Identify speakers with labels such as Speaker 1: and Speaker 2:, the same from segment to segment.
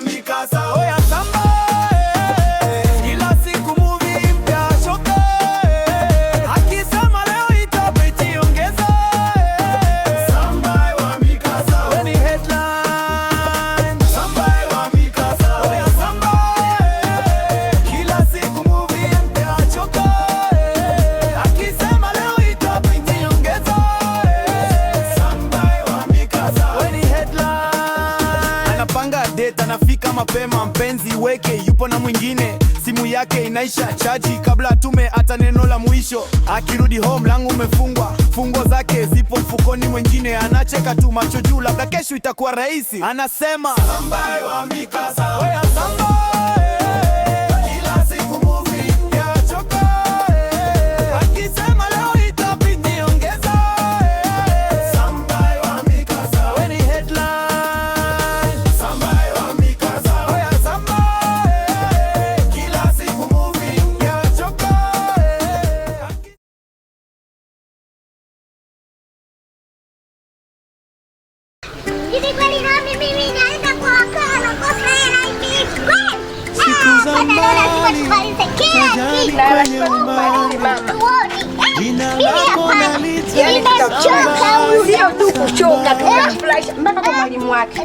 Speaker 1: Mikasa.
Speaker 2: mapema, mpenzi weke yupo na mwingine, simu yake inaisha chaji kabla atume hata neno la mwisho. Akirudi home langu umefungwa, fungo zake zipo mfukoni, mwingine anacheka tu macho juu, labda kesho itakuwa rahisi, anasema
Speaker 1: Sambai wa Mikasa, oya Sambai Sio tu kuchoka, tunafurahisha mpaka kwa mwalimu wake.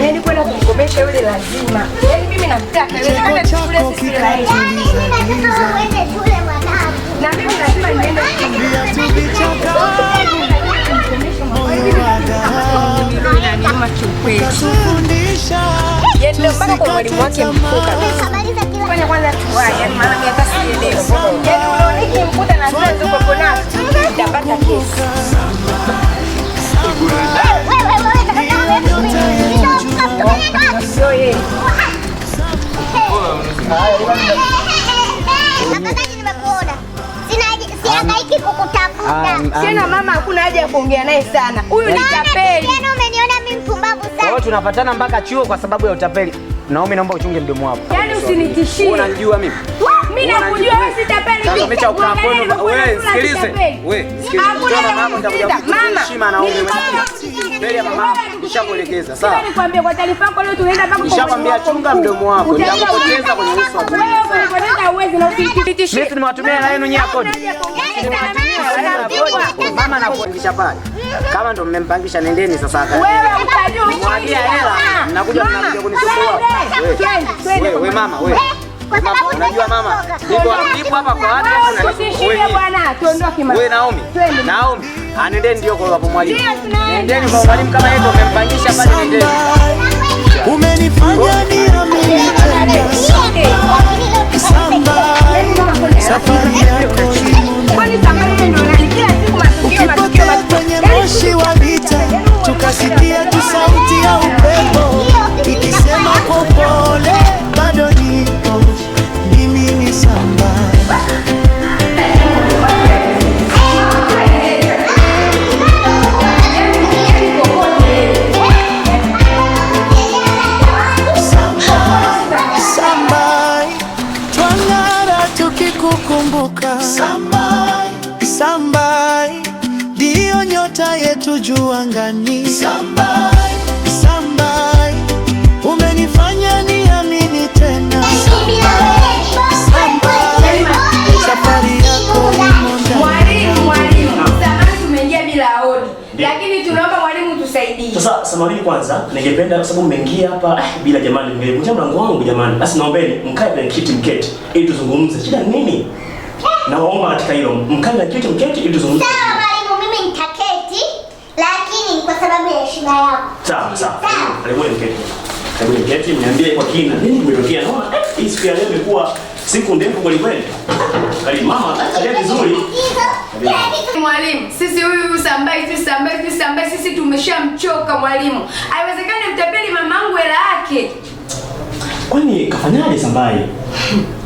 Speaker 1: Yaani kwenda kumkomesha yule lazima. Yaani mimi namtaka yule
Speaker 3: yani maana mimi hata sielewi. Yani nikimkuta na kwa kona, nitapata kesi. mama, hakuna haja ya kuongea naye sana. Huyu ni yaani tapeli.
Speaker 4: Yaani umeniona mimi mpumbavu
Speaker 2: sana. Tunapatana mpaka chuo kwa sababu ya utapeli. Naomi, naomba uchunge mdomo
Speaker 3: wako. Yaani usinitishie. Unajua mimi? Mimi nakujua wewe sitapeli.
Speaker 2: Sasa Mecha ukaa wewe sikilize. Wewe sikilize. Mama mama nitakuja kukuheshima Naomi. Mbele ya mama nishakuelekeza. Sawa.
Speaker 3: Nikwambie kwa taarifa yako leo tunaenda mpaka
Speaker 2: kwa. Nishakwambia chunga mdomo wako. Nitakupoteza kwenye uso wako.
Speaker 3: Wewe unipoteza uwezi na usinitishie.
Speaker 2: Mimi nimewatumia hela yenu nyako. Yaani mama nakupangisha pale. Kama ndo mmempangisha, nendeni sasa.
Speaker 3: Wewe utajua
Speaker 2: mwagia hela, mnakuja mnakuja Wewe mama wewe.
Speaker 1: Umenifanya angani. Sambai, Sambai, umenifanya niamini tena. safari yako imonda.
Speaker 3: Mwalimu, mwalimu, samahani tumeingia bila hodi, lakini tunaomba mwalimu tusaidie.
Speaker 2: Sasa samahani kwanza, ningependa kwa sababu mmeingia hapa ah, bila jamani, mmevunja mlango wangu jamani. Basi naombeni mkae kwenye kiti mketi ili tuzungumze. Shida nini? Naomba katika hilo mkae kwenye kiti mketi ili tuzungumze
Speaker 4: sababu ya heshima yako.
Speaker 2: Sawa sawa. Karibu mketi. Karibu mketi, niambie kwa kina nini kimetokea. Naona eh, hii siku ya leo imekuwa siku ndefu kweli kweli. Karibu mama, kalia vizuri.
Speaker 3: Mwalimu, sisi huyu huyu sambai tu sambai tu sambai sisi tumeshamchoka mwalimu. Haiwezekani mtapeli mamangu hela yake.
Speaker 2: Kwani kafanyaje sambai?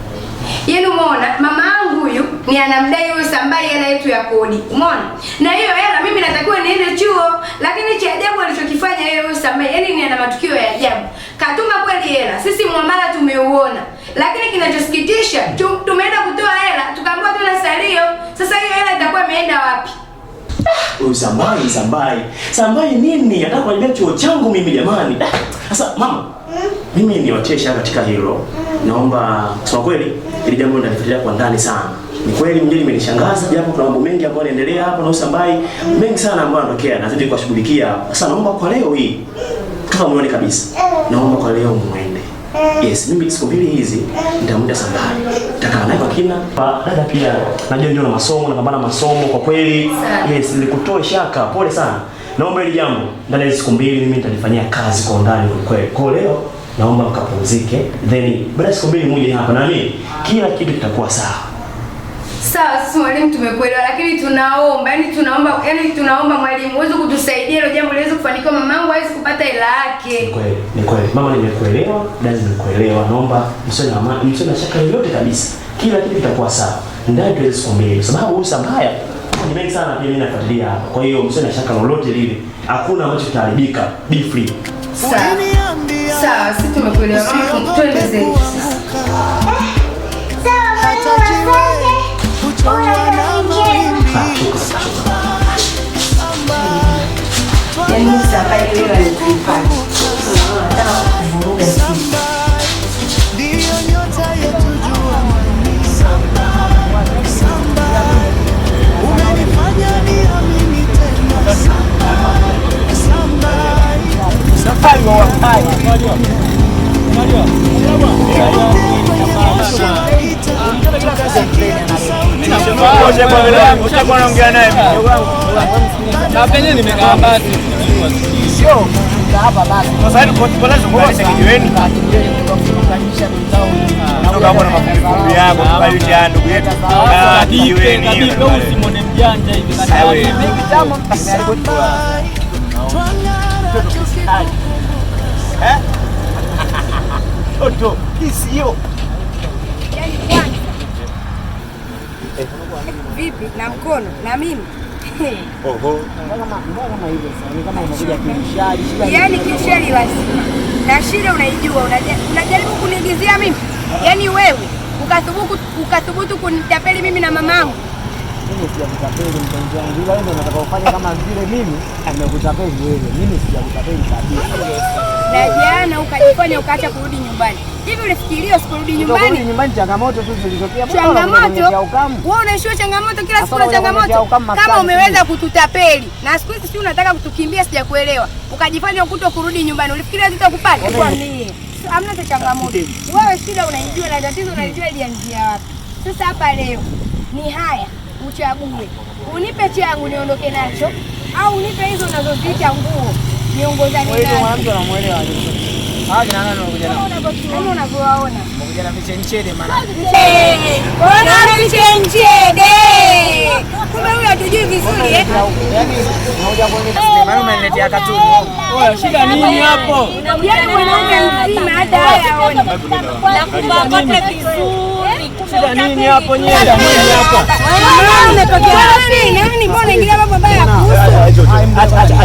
Speaker 3: Yaani umeona, mama angu huyu ni anamdai huyu Sambai hela yetu ya kodi. Umeona? Na hiyo hela mimi natakiwa niende chuo, lakini cha ajabu alichokifanya yeye huyu Sambai, yaani ni ana matukio ya ajabu. Katuma kweli hela. Sisi muamala tumeuona. Lakini kinachosikitisha, tumeenda kutoa hela, tukaambiwa tuna salio. Sasa hiyo hela itakuwa imeenda wapi?
Speaker 2: Ah, huyu Sambai, Sambai. Sambai nini? Anataka kuibia chuo changu mimi jamani. Ah, sasa mama, mimi niwachesha katika hilo. Naomba kusema kweli, ili jambo nalifuatilia kwa ndani sana. Ni kweli mjini imenishangaza, japo kuna mambo mengi ambayo yanaendelea hapo na usambai mengi sana ambayo yanatokea, nazidi kuwashughulikia. Sasa naomba kwa leo hii, kutoka moyoni kabisa, naomba kwa leo mwe Yes, mimi siku mbili hizi nitamuda sambari. Nitakaa naye kwa kina. Dada pia najua ndio na masomo, napambana masomo kwa kweli. Yes, nilikutoa shaka. Pole sana. Naomba ile jambo ndani ya siku mbili mimi nitalifanyia kazi kwa undani kwa kweli. Kwa leo naomba mkapumzike. Then baada ya siku mbili muje hapa na mimi kila kitu kitakuwa sawa.
Speaker 3: Sawa, sisi mwalimu tumekuelewa, lakini tunaomba yani, tunaomba yani, tunaomba mwalimu uweze kutusaidia hilo jambo liweze kufanikiwa, mamangu aweze kupata hela yake.
Speaker 2: Ni Kweli ni kweli, mama, nimekuelewa, dada, nimekuelewa. Naomba msione mama, msione shaka yoyote kabisa, kila kitu kitakuwa sawa ndani tuweze siku mbili, sababu huyu Sambaya ni mengi sana, pia mimi nafuatilia hapa. Kwa hiyo msione shaka lolote lile, hakuna ambacho kitaharibika. Be free.
Speaker 3: Sawa sawa, sisi tumekuelewa mama, twende zetu sasa.
Speaker 2: naongea naye na penye nimekaa basi usimone mjanja hivi mtoto kisio yani kwanza
Speaker 3: vipi na mkono na mimi Oho. Yaani kisheli lazima na shida unaijua, unajaribu kuniigizia mimi yani wewe ukathubutu ukathubutu kunitapeli mimi na mamangu.
Speaker 2: Mimi sijakutapeli mpenzi wangu, ila wewe unataka ufanye kama vile mimi amekutapeli wewe. Mimi sijakutapeli kabisa
Speaker 3: na jana ukajifanya ukaacha kurudi nyumbani. Hivi ulifikiria usiporudi nyumbani?
Speaker 2: Nyumbani changamoto tu zilizotokea.
Speaker 3: Changamoto? Wewe unaishiwa changamoto kila siku na changamoto. Kama umeweza kututapeli na siku hizi si unataka kutukimbia, sijakuelewa. Ukajifanya ukuto kurudi nyumbani. Ulifikiria zitakupata? Kwa nini? Hamna cha changamoto. Wewe shida unaijua na tatizo unalijua ilianzia wapi. Sasa hapa leo ni haya, uchague. Unipe changu niondoke nacho au unipe hizo unazoziita nguo niongozane
Speaker 2: naye. Mwanamke unamwelewa hawa kina nani wanakuja nao?
Speaker 3: Kama unavyowaona
Speaker 2: wanakuja na miche mchede, maana
Speaker 3: bona miche mchede, kumbe huyu hatujui vizuri eh.
Speaker 2: Yaani, yaani, maana umeniletea katuni. Wewe shida nini yaani, hapo?
Speaker 3: Yaani mwanamke mzima hata haya aone. Nakupakote
Speaker 2: vizuri. Shida nini hapo nyewe? Mwili hapa.
Speaker 3: Wewe unatokea wapi? Nani mbona ingia mambo mbaya kuhusu?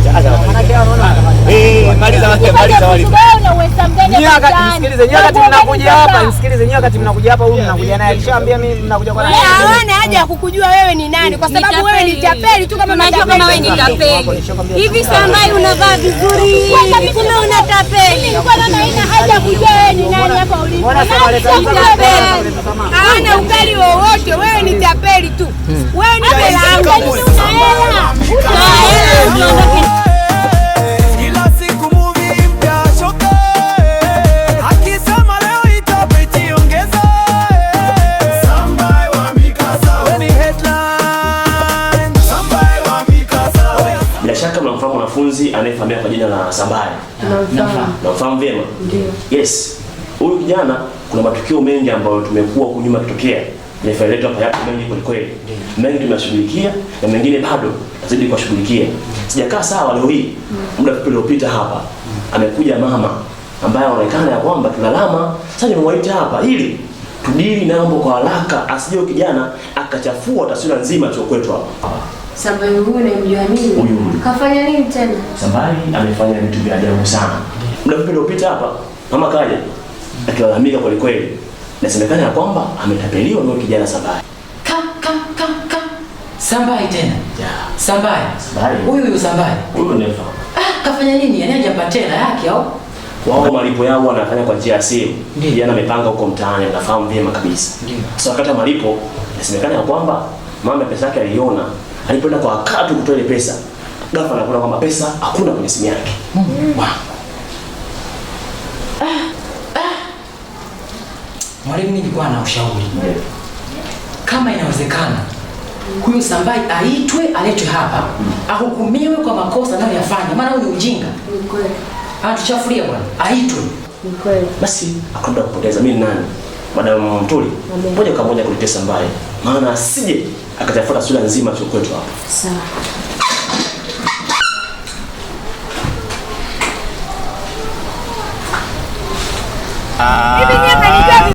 Speaker 2: msikilize nyewe, wakati mnakuja hapa, msikilize nyewe, wakati mnakuja hapa, huyu mnakuja naye alishaambia mimi mnakuja kwa nani?
Speaker 3: Yeye hawana haja ya kukujua wewe ni nani, kwa sababu wewe ni tapeli tu. Kama mimi. kama wewe ni tapeli hivi, samai unavaa vizuri, kumbe una tapeli. Kwa nani haina haja kujua wewe ni nani hapa ulipo? Mbona sasa tapeli? Hawana ukali wowote, wewe ni tapeli tu, hmm. wewe ni tapeli. Yaani Unaona hela, Unaona hela.
Speaker 2: mwanafunzi anayefahamika kwa jina la Sambaya. Nafahamu vyema? Ndio. Yes. Huyu kijana kuna matukio mengi ambayo tumekuwa huko nyuma kitokea. Taifa letu hapa yapo mengi kwa kweli. Mengi tumeyashughulikia na mengine bado nazidi kuwashughulikia. Sijakaa sawa leo hii. Mm. Muda mfupi uliopita hapa amekuja mama ambaye anaonekana ya kwamba tunalama. Sasa nimemwaita hapa ili tudili nambo kwa haraka asije kijana akachafua taswira nzima kwetu hapa.
Speaker 3: Sambali huyu namjua mimi. Huyu kafanya nini tena?
Speaker 2: Sambali amefanya vitu vya ajabu sana. Muda mfupi uliopita hapa mama kaja akilalamika kwa kweli. Nasemekana ya kwamba ametapeliwa na kijana Sambali.
Speaker 3: Ka ka ka ka. Sambali tena. Yeah. Sambali. Sambali. Huyu huyu Sambali. Huyu ndio Ah, kafanya nini? Yaani hajapata hela yake au?
Speaker 2: Wao malipo yao wanafanya kwa njia ya simu. Kijana amepanga huko mtaani, unafahamu vyema kabisa. Ndio. Sasa So wakati malipo nasemekana ya kwamba mama pesa yake aliona, alipoenda kwa wakati kutoa ile pesa, ghafla anakuta kwamba pesa hakuna kwenye simu yake. mm wow.
Speaker 3: Ah, ah. Mwalimu, nilikuwa na ushauri kama inawezekana huyu Sambai aitwe aletwe hapa ahukumiwe kwa makosa anayoyafanya, maana huyu ni ujinga, anatuchafulia bwana. Aitwe
Speaker 2: basi, akaenda kupoteza. Mimi nani, Madam Mtuli, moja kwa moja kuletea Sambai maana asije akatafuta sura nzima kwetu hapa. Sawa. Ah.